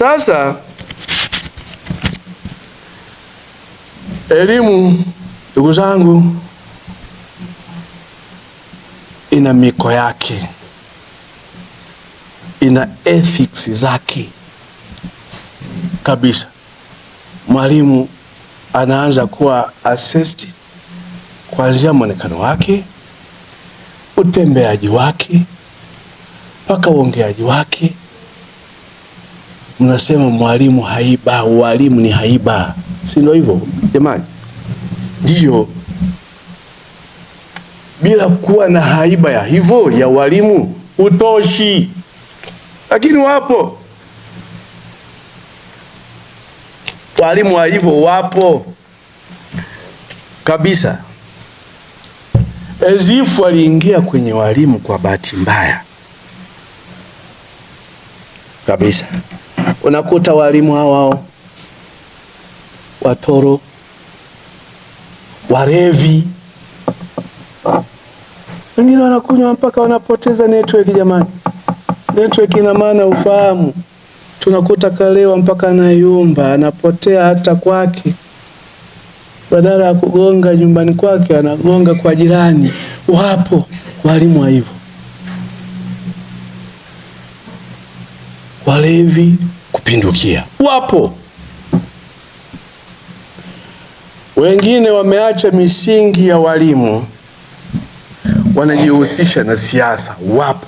Sasa elimu, ndugu zangu, ina miko yake, ina ethics zake kabisa. Mwalimu anaanza kuwa assessed kuanzia mwonekano wake, utembeaji wake, mpaka uongeaji wake mnasema mwalimu haiba, ualimu ni haiba, si ndio hivyo jamani? Ndiyo, bila kuwa na haiba ya hivyo ya walimu utoshi, lakini wapo walimu wa hivyo, wapo kabisa. Ezifu aliingia kwenye walimu kwa bahati mbaya kabisa. Unakuta walimu hawao watoro, warevi, wengine wanakunywa mpaka wanapoteza network. Jamani, network ina maana ufahamu. Tunakuta kalewa mpaka anayumba, anapotea hata kwake badala ya kugonga nyumbani kwake anagonga kwa jirani. Wapo walimu wa hivyo, walevi kupindukia. Wapo wengine wameacha misingi ya walimu, wanajihusisha na siasa. Wapo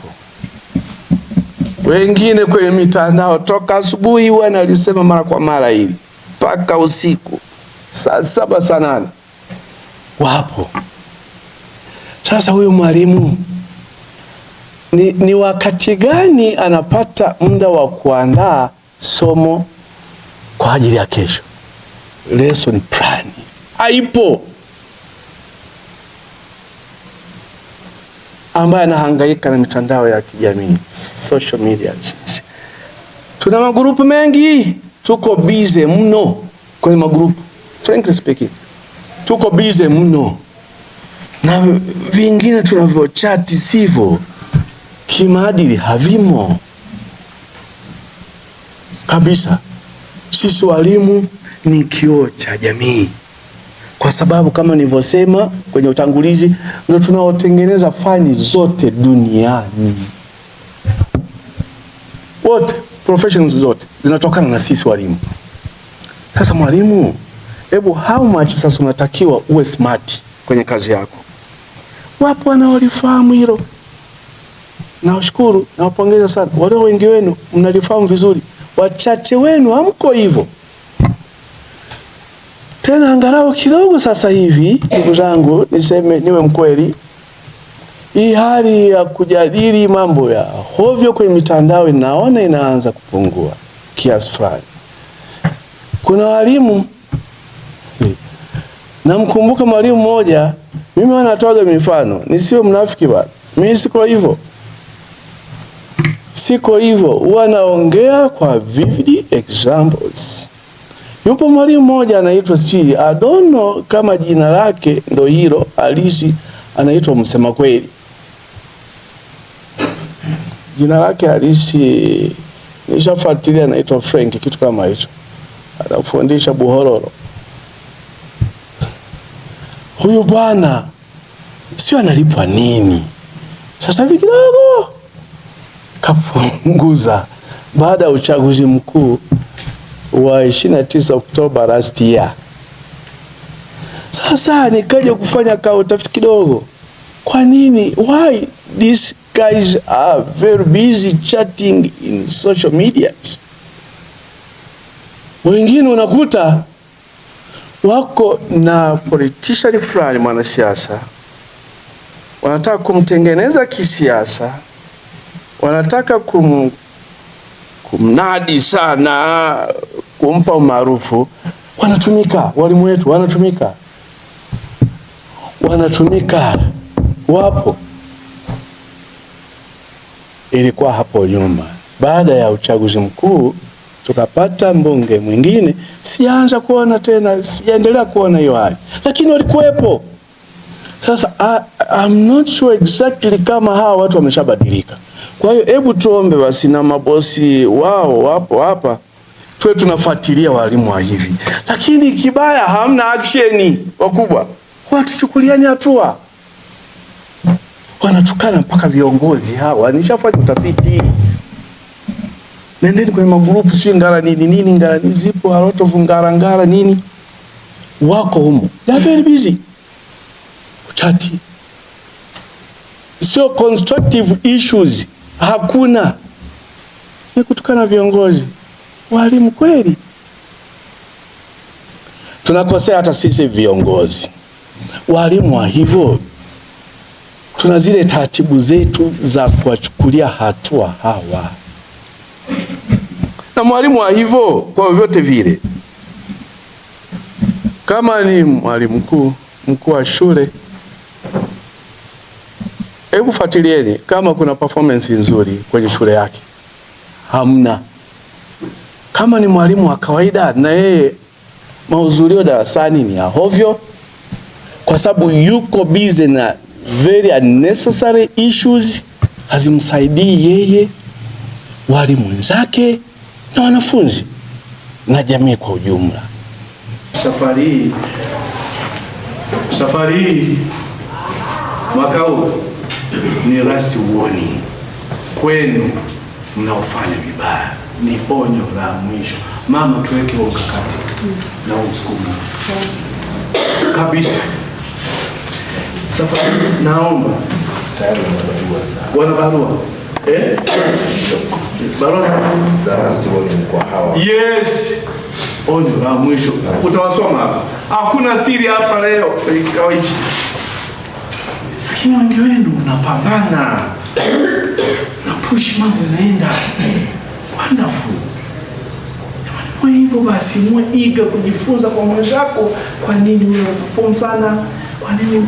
wengine kwenye mitandao toka asubuhi, wanalisema mara kwa mara hili mpaka usiku saa saba saa nane. Wapo sasa, huyu mwalimu ni, ni wakati gani anapata muda wa kuandaa somo kwa ajili ya kesho, lesson plan haipo. Ambaye anahangaika na mitandao ya kijamii social media, tuna magrupu mengi, tuko busy mno kwenye magrupu, frankly speaking, tuko busy mno na vingine tunavyochati sivyo, kimaadili havimo kabisa. Sisi walimu ni kioo cha jamii, kwa sababu kama nilivyosema kwenye utangulizi, ndio tunaotengeneza fani zote duniani, wote professions zote zinatokana na sisi walimu. Sasa mwalimu, hebu how much sasa unatakiwa uwe smart kwenye kazi yako. Wapo wanaolifahamu hilo, nawashukuru, nawapongeza sana. Walio wengi wenu mnalifahamu vizuri Wachache wenu hamko hivyo tena, angalau kidogo. Sasa hivi, ndugu zangu, niseme niwe mkweli, hii hali ya kujadili mambo ya hovyo kwenye mitandao inaona inaanza kupungua kiasi fulani. Kuna walimu, namkumbuka mwalimu mmoja, mimi wanatoaga mifano, nisiwe mnafiki bwana, mimi siko hivyo Siko hivyo, wanaongea kwa vivid examples. Yupo mwalimu mmoja anaitwa sijui adono kama jina lake ndo hilo halisi, anaitwa msema kweli. Jina lake halisi nishafuatilia, anaitwa Frank kitu kama hicho, anafundisha Buhororo. Huyu bwana sio analipwa nini sasa hivi kidogo kapunguza baada ya uchaguzi mkuu wa 29 Oktoba last year. Sasa nikaja kufanya ka utafiti kidogo, kwa nini why these guys are very busy chatting in social medias. Wengine unakuta wako na politician fulani, mwanasiasa wanataka kumtengeneza kisiasa wanataka kum, kumnadi sana, kumpa umaarufu. Wanatumika walimu wetu, wanatumika wanatumika, wapo. Ilikuwa hapo nyuma, baada ya uchaguzi mkuu tukapata mbunge mwingine, sianza kuona tena, siendelea kuona hiyo hali, lakini walikuwepo. Sasa I, I'm not sure exactly kama hawa watu wameshabadilika. Kwa hiyo hebu tuombe basi, na mabosi wao wapo hapa, tuwe tunafuatilia walimu wa hivi, lakini kibaya hamna action. Wakubwa watuchukuliani hatua, wanatukana mpaka viongozi hawa. Nishafanya utafiti, nendeni kwenye magrupu, sio ngara nini nini, ngara zipo a lot of ngara ngara nini, wako humo, they are very busy kuchati, sio constructive issues hakuna, ni kutukana viongozi, walimu. Kweli tunakosea hata sisi viongozi, walimu wa hivyo, tuna zile taratibu zetu za kuwachukulia hatua hawa na mwalimu wa hivyo, kwa vyovyote vile, kama ni mwalimu mkuu, mkuu wa shule Hebu fuatilieni kama kuna performance nzuri kwenye shule yake. Hamna. Kama ni mwalimu wa kawaida na yeye mahudhurio darasani ni ya hovyo kwa sababu yuko busy na very unnecessary issues hazimsaidii yeye, walimu wenzake na wanafunzi na jamii kwa ujumla. Safari hii safari hii mwaka huu ni rasi uoni kwenu mnaofanya vibaya, ni onyo la mwisho. Mama, tuweke ukakati na usukumo kabisa. Safari naomba tayari wana barua eh? Yes, onyo la mwisho utawasoma hapa, hakuna siri hapa leo kwa hichi lakini wengi wenu mnapambana na push mambo naenda wonderful. Jamani, mwe hivyo basi, mwe iga kujifunza kwa mwenzako. Kwa nini wewe unaperform sana? Kwa nini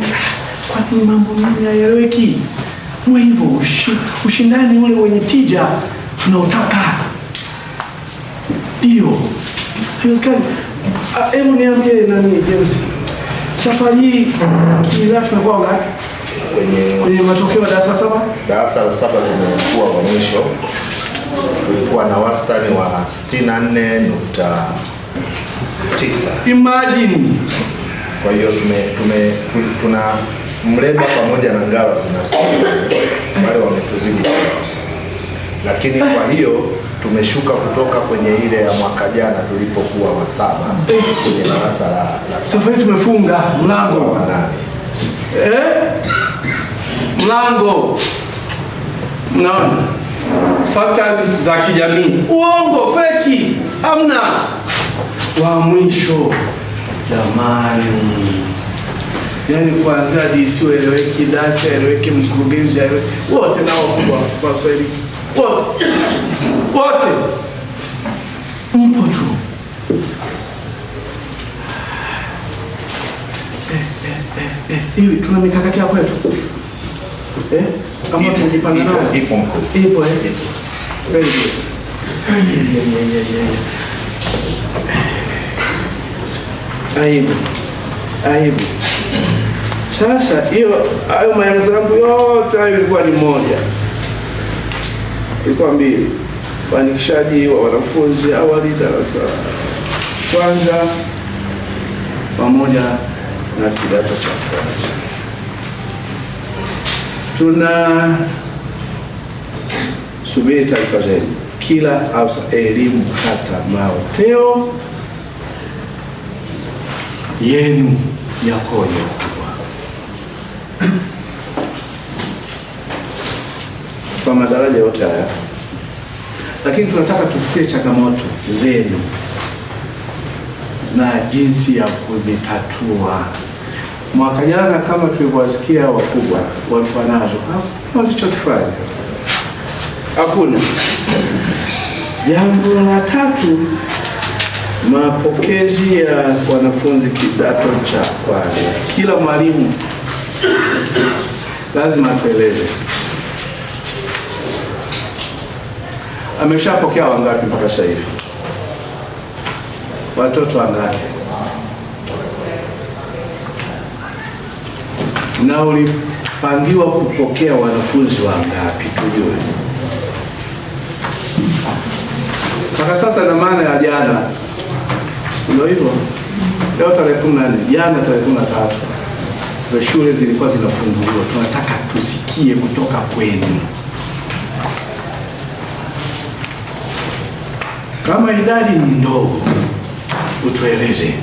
kwa nini mambo mimi hayaeleweki? Mwe hivyo, ushindani ule wenye tija tunautaka, ndio haiwezekani. Ah, hebu niambie nani James, safari hii tumekuwa ngapi? kwenye matokeo ya darasa la saba, darasa la saba tumekuwa wa mwisho, kulikuwa na wastani wa 64.9. Imagine. Kwa hiyo tume, tume, tuna Mleba pamoja na Ngara zinaskia wale wametuzidi lakini kwa hiyo tumeshuka kutoka kwenye ile ya mwaka jana tulipokuwa wa saba kwenye darasa la, la safari tumefunga mlango wa nane eh mlango. Mnaona factors za kijamii, uongo, feki, hamna. Wa mwisho jamani, yani kuanzia DC eleweki, dasi eleweki, mkurugenzi eleweki, wote nao wakubwa kwa Kiswahili, wote wote mpo tu hivi eh, eh, eh, eh. Tuna mikakati ya kwetu Eh? Kama tumejipanga eh? Aibu. Aibu. Sasa hiyo hayo maelezo yangu yote hayo ilikuwa ni moja. Ilikuwa mbili. Uandikishaji wa wanafunzi awali darasa kwanza pamoja na kidato cha kwanza tuna subiri taarifa zenu kila afsa elimu hata maoteo yenu yakoje wakubwa. Kwa madaraja yote haya, lakini tunataka tusikie changamoto zenu na jinsi ya kuzitatua. Mwaka jana kama tulivyowasikia wakubwa walikuwa nazo, hakuna walichokifanya, hakuna. Jambo la tatu, mapokezi ya wanafunzi kidato cha kwanza. Kila mwalimu lazima atueleze ameshapokea wangapi mpaka sasa hivi, watoto wangapi na ulipangiwa kupokea wanafunzi wangapi tujue? Mpaka sasa na maana ya jana, ndio hivyo. Leo tarehe 14, jana tarehe 13 ndio shule zilikuwa zinafunguliwa. Tunataka tusikie kutoka kwenu kama idadi ni ndogo, utueleze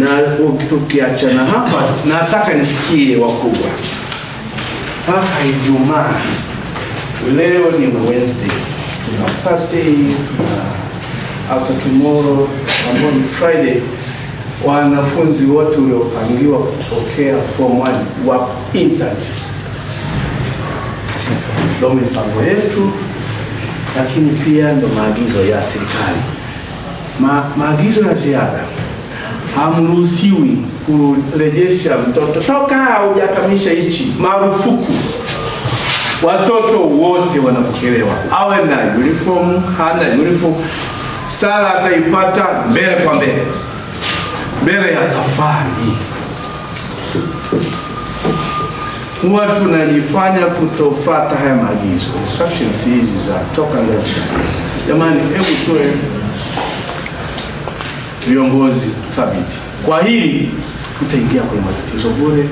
na tukiachana hapa, nataka nisikie wakubwa, mpaka Ijumaa. Leo ni Wednesday, tuna Thursday, tuna after tomorrow ambao ni Friday. Wanafunzi wote waliopangiwa kupokea form 1 wa intern, ndio mipango yetu, lakini pia ndo maagizo ya serikali maagizo ya ziada hamruhusiwi kurejesha mtoto toka hujakamisha hichi. Marufuku, watoto wote wanapokelewa, awe na uniform, hana uniform, sala ataipata mbele kwa mbele, mbele ya safari. Huwa tunajifanya kutofata haya maagizo, instructions hizi za toka ngazi. Jamani, hebu tuwe viongozi thabiti. Kwa hili tutaingia kwenye matatizo bure.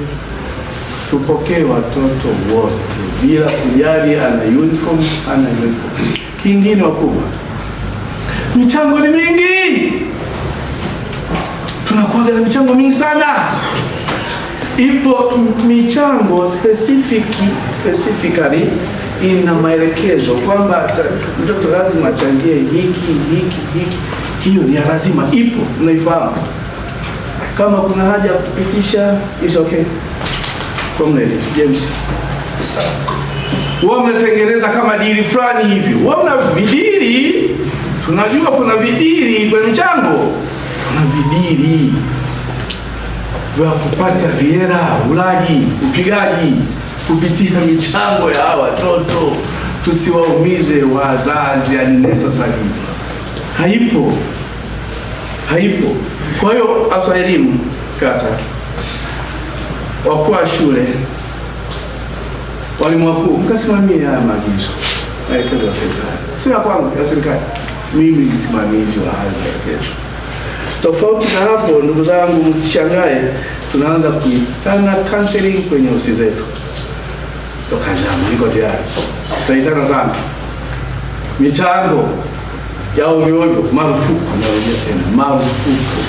Tupokee watoto wote bila kujali ana uniform, ana uniform. Kingine wakubwa, michango ni mingi, tunakuwa na michango mingi sana. Ipo michango specific, specifically ina maelekezo kwamba mtoto lazima achangie hiki hiki hiki hiyo ni lazima, ipo, tunaifahamu. Kama kuna haja ya kupitisha is okay. Comrade James, wao mnatengeneza kama dili fulani hivi, wao na vidili, tunajua kuna vidili kwenye mchango, kuna vidili vya kupata viera, ulaji, upigaji, kupitia michango ya watoto. Tusiwaumize wazazi, hivi haipo, haipo. Kwa hiyo afisa elimu kata, wakuu wa shule, walimu wakuu, mkasimamie haya maagizo, maelekezo ya serikali, sio ya kwangu, ya serikali. Mimi msimamizi wa hayo maelekezo. Tofauti na hapo, ndugu zangu, msishangae tunaanza kuitana counseling kwenye ofisi zetu toka jamu, niko tayari, tutaitana sana michango ya ovyo ovyo, marufuku. Anarudia tena marufuku.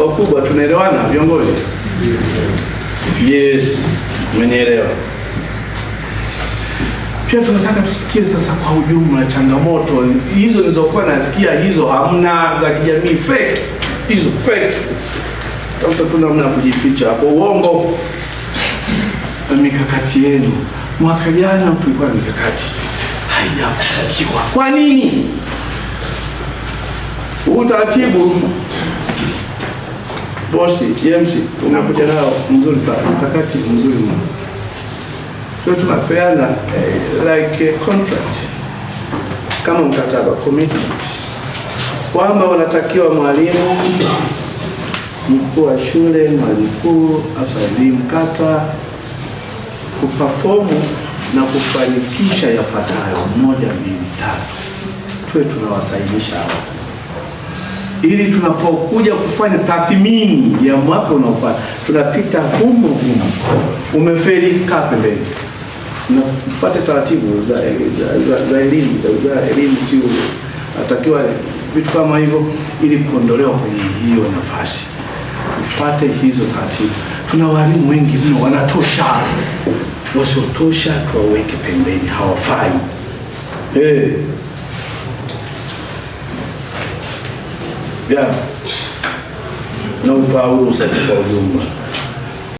Wakubwa, tunaelewana viongozi? Yes, umenielewa. Pia tunataka tusikie sasa kwa ujumla changamoto hizo nilizokuwa nasikia hizo, hamna za kijamii fake, hizo fake, tafuta tu namna ya kujificha hapo uongo na mikakati yenu. Mwaka jana tulikuwa na mikakati haijafanikiwa. Kwa nini? Utaratibu bosi James unakuja nao mzuri sana, mkakati mzuri mno. Tuwe tunapeana eh, like a eh, contract kama mkataba commitment, kwamba wanatakiwa mwalimu mkuu wa shule, mwalimu mkuu, afisa elimu kata kuperform na kufanikisha yafuatayo: moja, mbili, tatu. Tuwe tunawasaidisha hawa ili tunapokuja kufanya tathmini ya mwaka unaofuata tunapita humo humo, umefeli kaa pembeni na tufuate taratibu za elimu za wizara ya elimu, sio atakiwa vitu kama hivyo, ili kuondolewa kwenye hiyo nafasi. tufate hizo taratibu. Tuna walimu wengi mno, wanatosha. wasiotosha tuwaweke pembeni, hawafai hey. yeah. na ufaulu sasa kwa ujumla